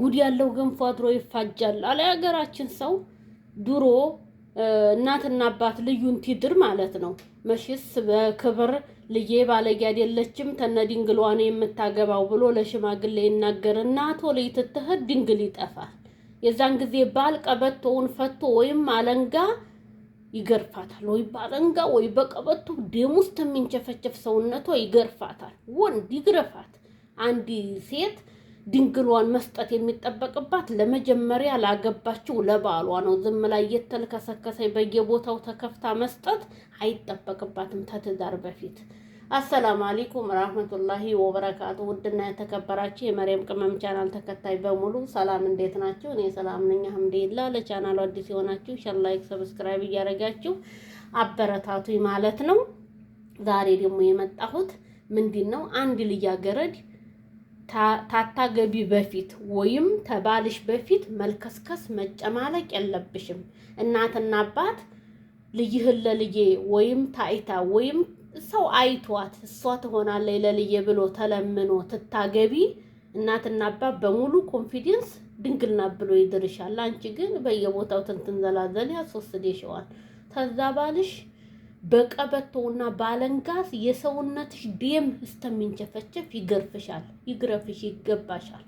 ጉድ ያለው ገንፎ አድሮ ይፋጃል አለ የሀገራችን ሰው። ድሮ እናትና አባት ልዩን ትድር ማለት ነው። መሽስ በክብር ልዬ ባለጌ አይደለችም ድንግሏ ነው የምታገባው ብሎ ለሽማግሌ ይናገርና ቶሎ ይትትህድ ድንግል ይጠፋል። የዛን ጊዜ ባል ቀበቶውን ፈቶ ወይም አለንጋ ይገርፋታል ወይ ባለንጋ ወይ በቀበቶ ደም ውስጥ የሚንቸፈቸፍ ሰውነቷ ይገርፋታል። ወንድ ይግረፋት አንድ ሴት ድንግሏን መስጠት የሚጠበቅባት ለመጀመሪያ ላገባችው ለባሏ ነው። ዝም ላይ የተልከሰከሰ በየቦታው ተከፍታ መስጠት አይጠበቅባትም ከትዳር በፊት። አሰላሙ አለይኩም ረህመቱላሂ ወበረካቱ። ውድና የተከበራችሁ የመሪያም ቅመም ቻናል ተከታይ በሙሉ ሰላም፣ እንዴት ናችሁ? እኔ ሰላም ነኝ ላ ለቻናሉ አዲስ የሆናችሁ ሼር፣ ላይክ፣ ሰብስክራይብ እያደረጋችሁ አበረታቱኝ ማለት ነው። ዛሬ ደግሞ የመጣሁት ምንድን ነው አንድ ልጃገረድ ታታገቢ በፊት ወይም ተባልሽ በፊት መልከስከስ መጨማለቅ የለብሽም። እናትና አባት ልይህን ለልዬ ወይም ታይታ ወይም ሰው አይቷት እሷ ትሆናለች ለልዬ ብሎ ተለምኖ ትታገቢ እናትና አባት በሙሉ ኮንፊደንስ ድንግልና ብሎ ይድርሻል። አንቺ ግን በየቦታው ትንትንዘላዘል ያስወስድሽዋል። ተዛ ባልሽ በቀበቶውና ባለንጋስ የሰውነትሽ ደም እስተሚንቸፈቸፍ ይገርፍሻል፣ ይግረፍሽ፣ ይገባሻል።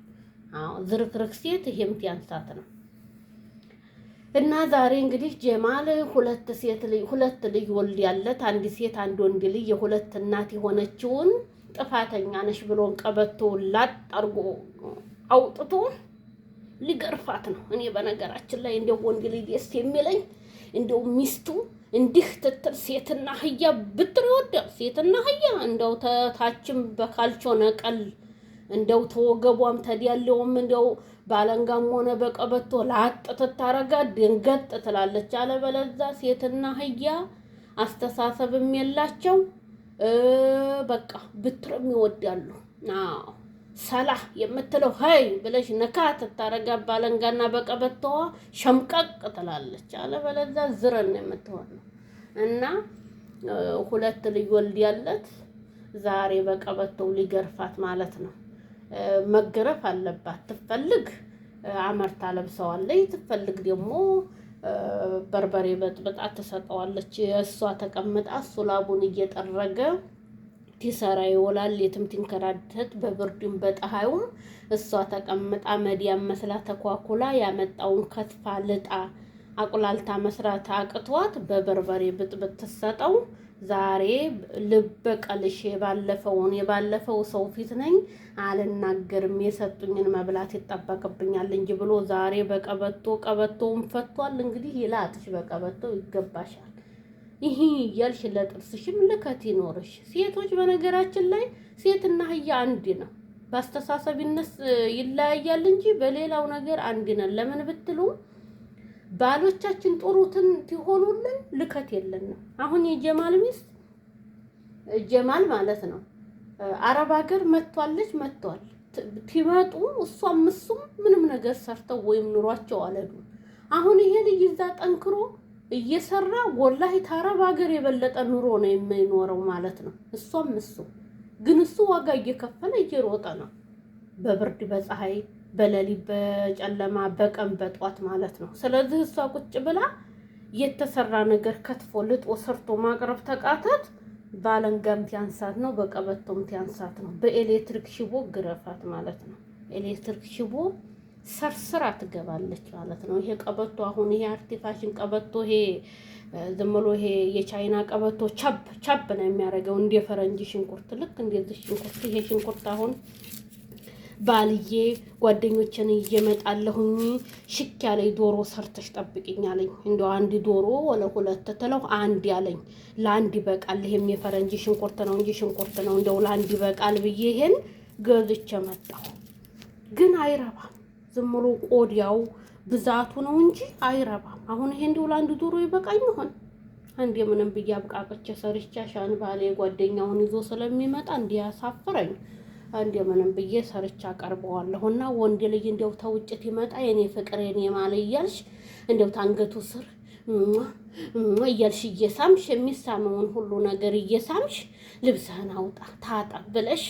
አዎ ዝርክርክ ሴት ይሄም ቲያንሳት ነው። እና ዛሬ እንግዲህ ጀማል ሁለት ሴት ልጅ ሁለት ልጅ ወልድ ያለት አንድ ሴት አንድ ወንድ ልጅ የሁለት እናት የሆነችውን ጥፋተኛ ነሽ ብሎን ቀበቶ ላጥ አርጎ አውጥቶ ሊገርፋት ነው። እኔ በነገራችን ላይ እንደው ወንድ ልጅ ደስ የሚለኝ እንደው ሚስቱ እንዲህ ትትል ሴትና አህያ ብትር ይወዳል። ሴትና አህያ እንደው ተታችም በካልቾ ነቀል እንደው ተወገቧም ተዲያለውም እንደው ባለንጋም ሆነ በቀበቶ ላጥ ትታረጋ ድንገጥ ትላለች። አለበለዛ ሴትና አህያ አስተሳሰብም የላቸው በቃ ብትርም ይወዳሉ። አዎ ሰላህ የምትለው ሀይ ብለሽ ነካ ትታረጋ ባለንጋና በቀበቶዋ ሸምቀቅ ትላለች። አለበለዚያ ዝረን የምትሆን ነው እና ሁለት ልጅ ወልድ ያለት ዛሬ በቀበቶው ሊገርፋት ማለት ነው። መገረፍ አለባት። ትፈልግ አመርታ ለብሰዋለች፣ ትፈልግ ደግሞ በርበሬ በጥብጣ ትሰጠዋለች። እሷ ተቀምጣ እሱ ላቡን እየጠረገ ሲሰራ ይውላል። የትም ትንከራተት በብርድም በፀሐዩም እሷ ተቀምጣ መዲያ መስላ ተኳኩላ ያመጣውን ከትፋ ልጣ አቁላልታ መስራት አቅቷት በበርበሬ ብጥብጥ ትሰጠው። ዛሬ ቀልሽ የባለፈውን የባለፈው ሰው ፊት ነኝ አልናገርም፣ የሰጡኝን መብላት ይጠበቅብኛል እንጂ ብሎ ዛሬ በቀበቶ ቀበቶውን ፈቷል። እንግዲህ ይላጥሽ በቀበቶ ይገባሻል። ይሄ እያልሽ ለጥርስሽም ልከት ይኖርሽ። ሴቶች በነገራችን ላይ ሴትና አህያ አንድ ነው። በአስተሳሰቢነት ይለያያል እንጂ በሌላው ነገር አንድ ነን። ለምን ብትሉ ባሎቻችን ጥሩትን ትሆኑልን ልከት የለንም። አሁን የጀማል ሚስት ጀማል ማለት ነው አረብ ሀገር መጥቷለች መጥቷል ቲመጡ እሷም እሱም ምንም ነገር ሰርተው ወይም ኑሯቸው አለዱ። አሁን ይሄ ልጅ እዛ ጠንክሮ እየሰራ ወላሂ ታረብ ሀገር የበለጠ ኑሮ ነው የሚኖረው ማለት ነው። እሷም እሱ ግን እሱ ዋጋ እየከፈለ እየሮጠ ነው በብርድ በፀሐይ በሌሊት በጨለማ በቀን በጧት ማለት ነው። ስለዚህ እሷ ቁጭ ብላ የተሰራ ነገር ከትፎ ልጦ ሰርቶ ማቅረብ ተቃታት። ባለንጋም ቲያንሳት ነው፣ በቀበቶም ቲያንሳት ነው። በኤሌክትሪክ ሽቦ ግረፋት ማለት ነው። ኤሌክትሪክ ሽቦ ሰርስራ ትገባለች ማለት ነው። ይሄ ቀበቶ አሁን ይሄ አርቲፋሽን ቀበቶ ይሄ ዝም ብሎ ይሄ የቻይና ቀበቶ ቸብ ቸብ ነው የሚያደርገው እንደ ፈረንጅ ሽንኩርት፣ ልክ እንደዚህ ሽንኩርት። ይሄ ሽንኩርት አሁን ባልዬ ጓደኞችን እየመጣለሁኝ ሽክ ያለኝ ዶሮ ሰርተሽ ጠብቅኝ አለኝ። እንደው አንድ ዶሮ ወለ ሁለት ትለው አንድ ያለኝ ለአንድ ይበቃል። ይሄም የፈረንጅ ሽንኩርት ነው እንጂ ሽንኩርት ነው። እንደው ለአንድ ይበቃል ብዬ ይሄን ገዝቼ መጣሁ፣ ግን አይረባም ዝም ብሎ ቆዳው ብዛቱ ነው እንጂ አይረባም። አሁን ይሄ እንደው ለአንድ ዶሮ ይበቃኝ ይሆን? አንድ የምንም ብዬ አብቃቅቼ ሰርቼ ሻን ባሌ ጓደኛውን ይዞ ስለሚመጣ እንዲያሳፍረኝ አንድ የምንም ብዬ ሰርቼ አቀርበዋለሁና ወንድ ልጅ እንደው ተውጭት ይመጣ የኔ ፍቅር የኔ ማለ እያልሽ እንደው ታንገቱ ስር እያልሽ እየሳምሽ የሚሳመውን ሁሉ ነገር እየሳምሽ ልብስህን አውጣ ታጣ ብለሽ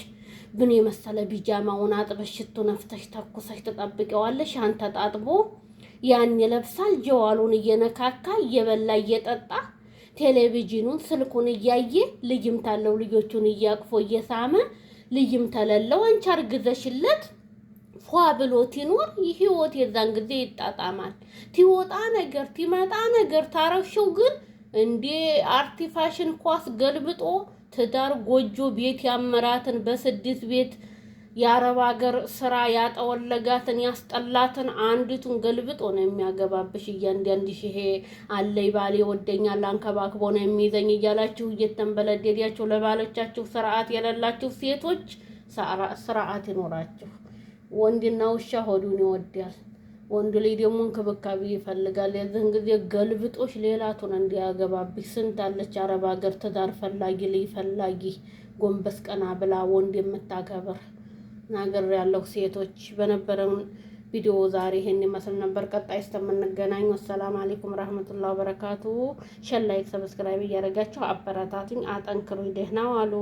ምን የመሰለ ቢጃማውን አጥበሽ ሽቶ ነፍተሽ ተኩሰሽ ትጠብቂዋለሽ። አንተ ጣጥቦ ያን ይለብሳል። ጀዋሉን እየነካካ እየበላ እየጠጣ ቴሌቪዥኑን ስልኩን እያየ ልጅም ታለው ልጆቹን እያቅፎ እየሳመ ልጅም ተለለው አንቺ አርግዘሽለት ፏ ብሎ ቲኖር ህይወት። የዛን ጊዜ ይጣጣማል። ቲወጣ ነገር ቲመጣ ነገር ታረሽው ግን እንዴ አርቲፋሽን ኳስ ገልብጦ ትዳር ጎጆ ቤት ያመራትን በስድስት ቤት የአረብ ሀገር ስራ ያጠወለጋትን ያስጠላትን አንዲቱን ገልብጦ ነው የሚያገባብሽ። እያንዳንድሽ ይሄ አለይ ባሌ ወደኛ ላንከባክቦ ነው የሚይዘኝ እያላችሁ እየተንበለደዳችሁ ለባሎቻችሁ ስርዓት የሌላችሁ ሴቶች ስርዓት ይኖራችሁ። ወንድና ውሻ ሆዱን ይወዳል። ወንድ ልጅ ደግሞ እንክብካቤ ይፈልጋል። የዚህን ጊዜ ገልብጦሽ ሌላቱን እንዲያገባብሽ ስንት አለች አረብ ሀገር ትዳር ፈላጊ ልጅ ፈላጊ ጎንበስ ቀና ብላ ወንድ የምታከብር ናገር ያለው ሴቶች በነበረው ቪዲዮ ዛሬ ይሄን ይመስል ነበር። ቀጣይ እስከምንገናኝ ወሰላም አለይኩም ረህመቱላሂ ወበረካቱ። ሸላይክ ሰብስክራይብ እያደረጋችሁ አበረታቱኝ፣ አጠንክሩኝ። ደህና ዋሉ።